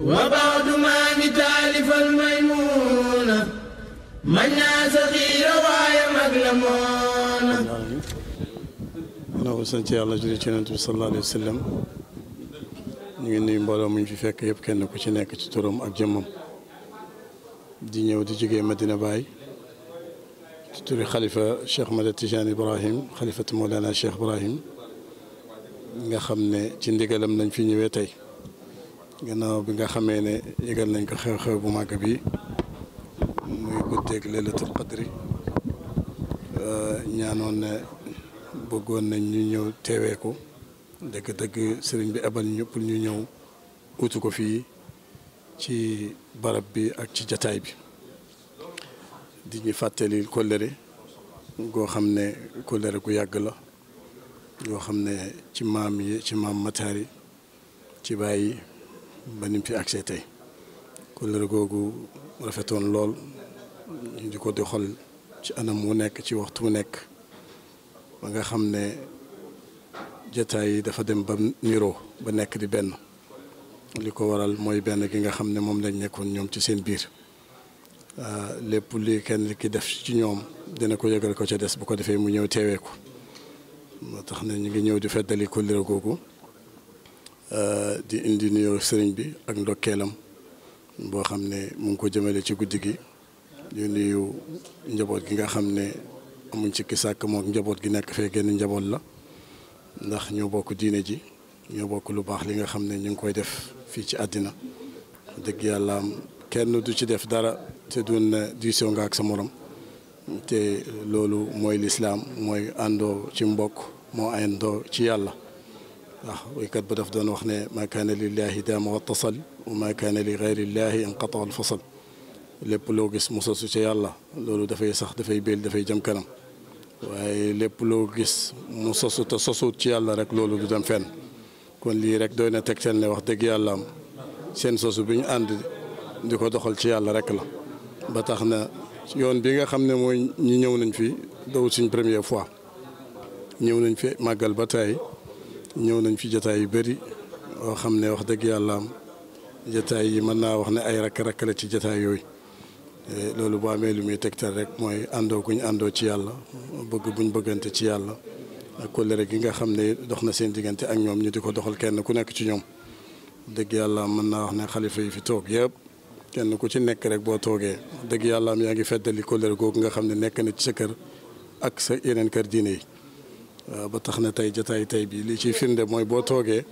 وبعد ما مثال الميمون من ناس غير وعي مغلمون أنا أقول سنتي الله جريت نبي صلى الله عليه وسلم نيجي نبالا من في فك يبكي نو كتشي نك تطرم أجمعهم دينيا ودي جيجي مدينة باي تطري خليفة شيخ مدى تجاني إبراهيم خليفة مولانا شيخ إبراهيم nga xamne ci ndigalam nañ fi ñëwé tay gannaaw bi nga xamee ne yëgal nañ ko xew-xew bu màgg bi muy guddeeg leylatul qadri euh, ñaanoon ne bëggoon nañ ñu ñëw teewee ko dëgg-dëgg sëriñ bi abal ñëpp ñu ñëw utu ko fii ci barab bi ak ci jataay bi di ñu fàttali kóllëre goo xam ne kóllëre gu yàgg la yoo xam ne ci maam yi ci maam yi ci bàyyi ba ni mu fi agsee tey kóllëre googu rafetoon lool ñu di ko di xol ci anam wu nekk ci waxtu wu nekk ba nga xam ne jataay yi dafa dem ba niroo ba nekk di benn li ko waral mooy benn gi nga xam ne moom lañ nekkoon ñoom ci seen biir ah, lépp li kenn ki def ci ñoom dina ko yëgal ko ca des bu ko defee mu ñëw teewee ko moo tax ne ñu ngi ñëw di feddali kóllëre googu Euh, di indi nuyoo sëriñ bi ak ndokkeelam boo xam ne mu ngi ko jëmale ci guddi gi di nuyu njaboot gi nga xam ne amuñ ci ki sàkk mook njaboot gi nekk fee génn njaboot la ndax ñu bokk diine ji ñoo bokk lu baax li nga xam ne ñu ngi koy def fii ci àddina dëgg yàlla am kenn du ci def dara te du ne diisoo nga ak sa morom te loolu mooy lislaam mooy àndoo ci mbokk moo àndoo ci yàlla waaw waykat ba daf doon wax ne maa kaana lillaahi daama wattasal wa maa kaana li gayrillaahi inqata al fasal lépp loo gis mu sosu ca yàlla loolu dafay sax dafay béel dafay jëm kanam waaye lépp loo gis mu sosu te sosuut ci yàlla rek loolu du dem fenn kon lii rek doy na tegtal ne wax dëgg yàlla am seen sosu bi ñu ànd di ko doxal ci yàlla rek la ba tax na yoon bi nga xam ne mooy ñi ñëw nañ fi dawul suñ première fois ñëw nañ fi màggal ba tey ñëw nañ fi jotaay yu bari yoo xam ne wax dëgg yàlla am jataay yi mën naa wax ne ay rakk-rakk la ci jotaay yooyu loolu bu amee lu muy tegtal rek mooy àndoo guñ àndoo ci yàlla bëgg buñ bëggante ci yàlla ak kóllëre gi nga xam ne dox na seen diggante ak ñoom ñu di ko doxal kenn ku nekk ci ñoom dëgg yàlla mën naa wax ne xalifa yi fi toog yëpp kenn ku ci nekk rek boo toogee dëgg yàlla am yaa ngi feddali kóllëre googu nga xam ne nekk na ci sa kër ak sa yeneen kër diine yi Euh, ba tax na tey jotaay tey bi li ci firnde mooy boo toogee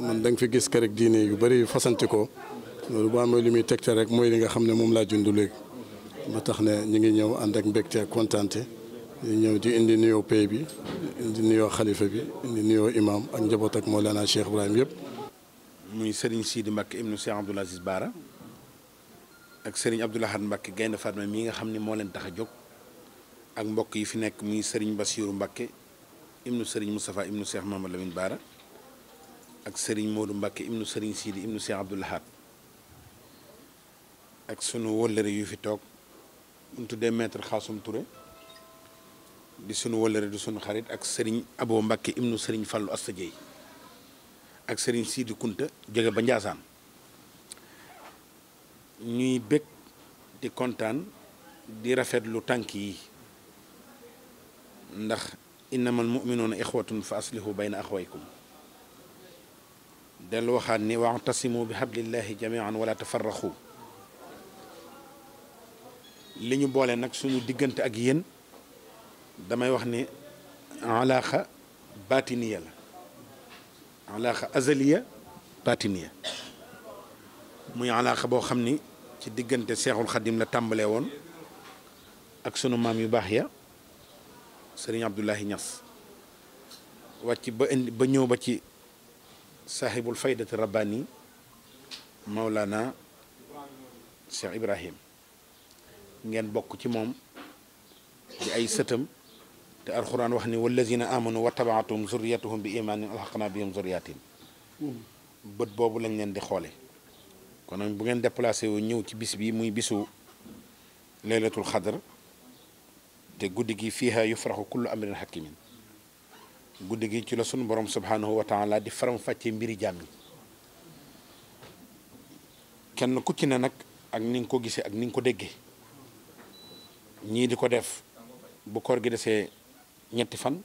man da fi gis kër ak diine yu bari fasanti ko loolu boo amee lu muy tegte rek mooy li nga xam ne moom laa jundu léegi ba tax ne ñu ngi ñëw ànd ak mbégte ak kontaante ñëw di indi nuyoo pay bi indi nuyoo xalifa bi indi nuyoo imaam ak njaboot ak Mawlana Cheikh Ibrahim yëpp. muy Serigne Sidi Mbacke ibnu Cheikh Abdoul Aziz Baara ak Serigne Abdoul Ahad Mbacke Gaynde Fatma mii nga xam ne moo leen tax a jóg ak mbokk yi fi nekk ngi Serigne Bassirou Mbacke ibnu sëriñ Moustapha ibnu Cheikh Mamadou Lamine Baara ak sëriñ Modou Mbacke ibnu sëriñ Sidi ibnu Cheikh Abdoul Ahad ak sunu wëllëre yu fi toog mu tuddee maître Khassoum Touré di sunu wëllëre di sunu xarit ak sëriñ Abo Mbacke ibnu sëriñ Fallou Asta Dieye ak sëriñ Sidi Kunta jóge ba Ndiassane ñuy bég di kontaan di rafetlu tànk yi ndax. انما المؤمنون اخوه فاصلحوا بين اخويكم دل وخاني واعتصموا بحبل الله جميعا ولا تفرخوا لي ني بولي نك سونو ديغنت اك يين داماي وخني علاقه باطنيه لا علاقه ازليه باطنيه موي علاقه بو خامني سي ديغنت شيخ الخديم لا تامبلي وون اك سيرين عبد الله نياس واتي با نيو با تي صاحب الفائده الرباني مولانا شيخ ابراهيم نين بوك تي موم دي اي ستم تي القران واخني والذين امنوا واتبعتهم ذريتهم بايمان الحقنا بهم ذرياتهم بوت بوبو لا نين دي خولي كون بو نين ديبلاسي نيو تي بيس بي موي بيسو ليله الخضر te guddi gi fiiha yufraxu kullu amrin hakimin guddi gi ci la sunu borom subhanahu wa taala di faram fàccee mbiri jaam kenn ku ci ne nag ak ni nga ko gisee ak ni nga ko déggee ñii di ko def bu koor gi desee ñetti fan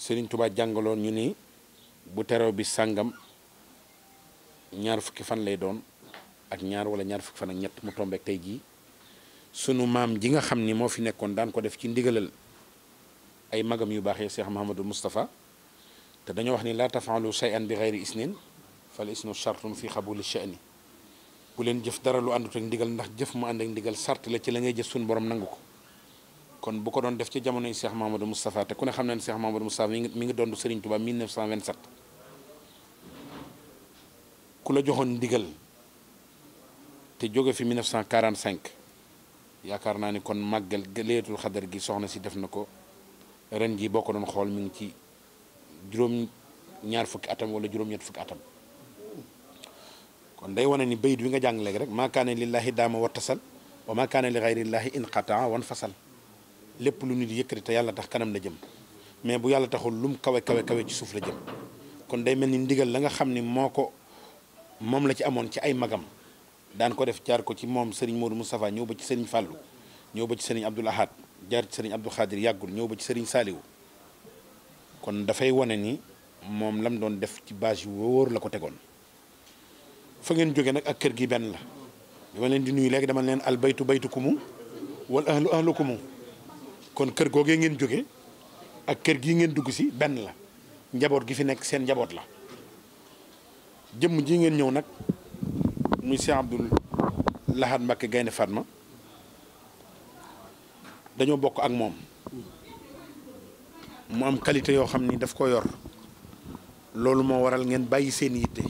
Sëriñ Tuubaa jàngaloon ñu ni bu terew bi sàngam ñaar fukki fan lay doon ak ñaar wala ñaar fukki fan ak ñett mu tombeek tey jii sunu maam ji nga xam ni moo fi nekkoon daan ko def ci ndigalal ay magam yu baaxee Cheikh Mouhamadou Moustapha te dañoo wax ni laa tafaalu shay'an bi xayri isnin fal isnu shartun fi xabuli sha'ni bu leen jëf dara lu àndut ndigal ndax jëf mu ànd ak ndigal sart la ci la ngay jëf suñu borom nangu ko kon bu ko doon def ci jamonoy Cheikh Mouhamadou Moustapha te ku ne xam na ne Cheikh Mouhamadou Moustapha mi ngi mi ngi doon Serigne Touba 1927 ku la joxoon ndigal te jóge fi 1945. yaakaar naa ni kon màggal leetul xadar gi soxna si def na ko ren ji bokk ko xool mi ngi ci juróom ñaar fukki atam wala juróom ñett fukki atam kon day wane ni bayit wi nga jàng léegi rek maakaane lillahi daama wattasal wa maakaane li xayrillaahi inqataa wan fasal lépp lu nu nit yëkkati te yàlla tax kanam la jëm mais bu yàlla taxul lum kawe kawe kawe ci suuf la jëm kon day mel ni ndigal la nga xam ni moo ko moom la ci amoon ci ay magam Dan ko def jaar ko ci moom Serigne Modou Moustapha ñëw ba ci Serigne fallu ñëw ba ci Serigne Abdoul Ahad jaar ci Serigne Abdou Khadir yagul ñëw ba ci Serigne saliw kon fay wane ni mom lam doon def ci base yu wóor la ko tegoon fa ngeen jóge nag ak kër gi benn la dama leen di nuyu léegi dama leen al baytu baytukumu wal ahlu kon kër googee ngeen jóge ak kër gi ngeen dugg si benn la njaboot gi fi nekk seen njaboot la jëmm ji ngeen ñëw nag muy Cheikh Abdoul Lahad Mbacké Gaynde Fatma dañoo bokk ak moom mu am qualité yoo xam ni daf ko yor loolu moo waral ngeen bàyyi seen yitte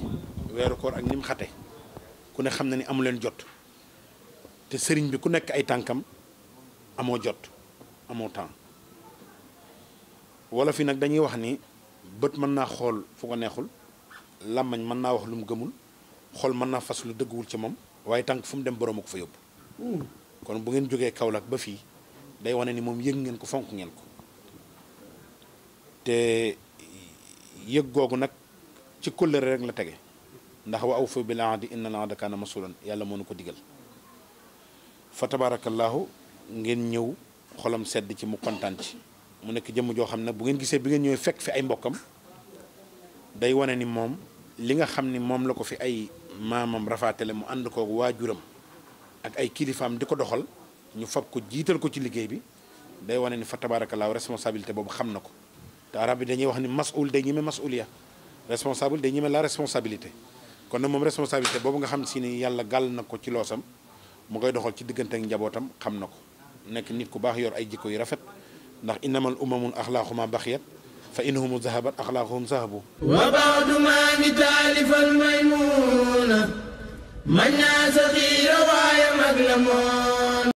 weeru koor ak ni mu xate ku ne xam na ni amu leen jot te sëriñ bi ku nekk ay tànkam amoo jot amoo temps wala fi nag dañuy wax ni bët mën naa xool fu ko neexul làmmañ mën naa wax lu mu gëmul xol man na fas lu deggul ci mom waye tànk fu mu dem borom ko fa yob kon bu ngeen joge kaolak ba fi day wone ni mom yëg ngeen ko fonk ngeen ko te yëg gogu nak ci kóllëre rek la tege ndax wa awfu bil aadi inna al kana masulan yàlla mo nu ko digal fa tabaarakallaahu ngeen ñëw xolam sedd ci mu kontaan ci mu nek jëm jo xamne bu ngeen gisse bi ngeen ñëwee fek fi ay mbokam day wone ni mom li nga xamni mom la ko fi ay maamam rafaatale mu ànd koog waajuram ak ay kilifaam di ko doxal ñu fab ko jiital ko ci liggéey bi day wane ni fa tabaarakallaahu responsabilité boobu xam na ko te dañuy wax ni masul day ñeme masuliya responsable day ñeme la responsabilité kon na moom responsabilité boobu nga xam si ni yàlla gàll na ko ci loosam mu koy doxal ci diggante ak njabootam xam na ko nekk nit ku baax yor ay jikko yu rafet ndax innamal umamun axlaaqu ma baxiyat فإنهم ذهبت أخلاقهم ذهبوا وبعد ما متالف الميمونة من ناس غير وعي مظلمون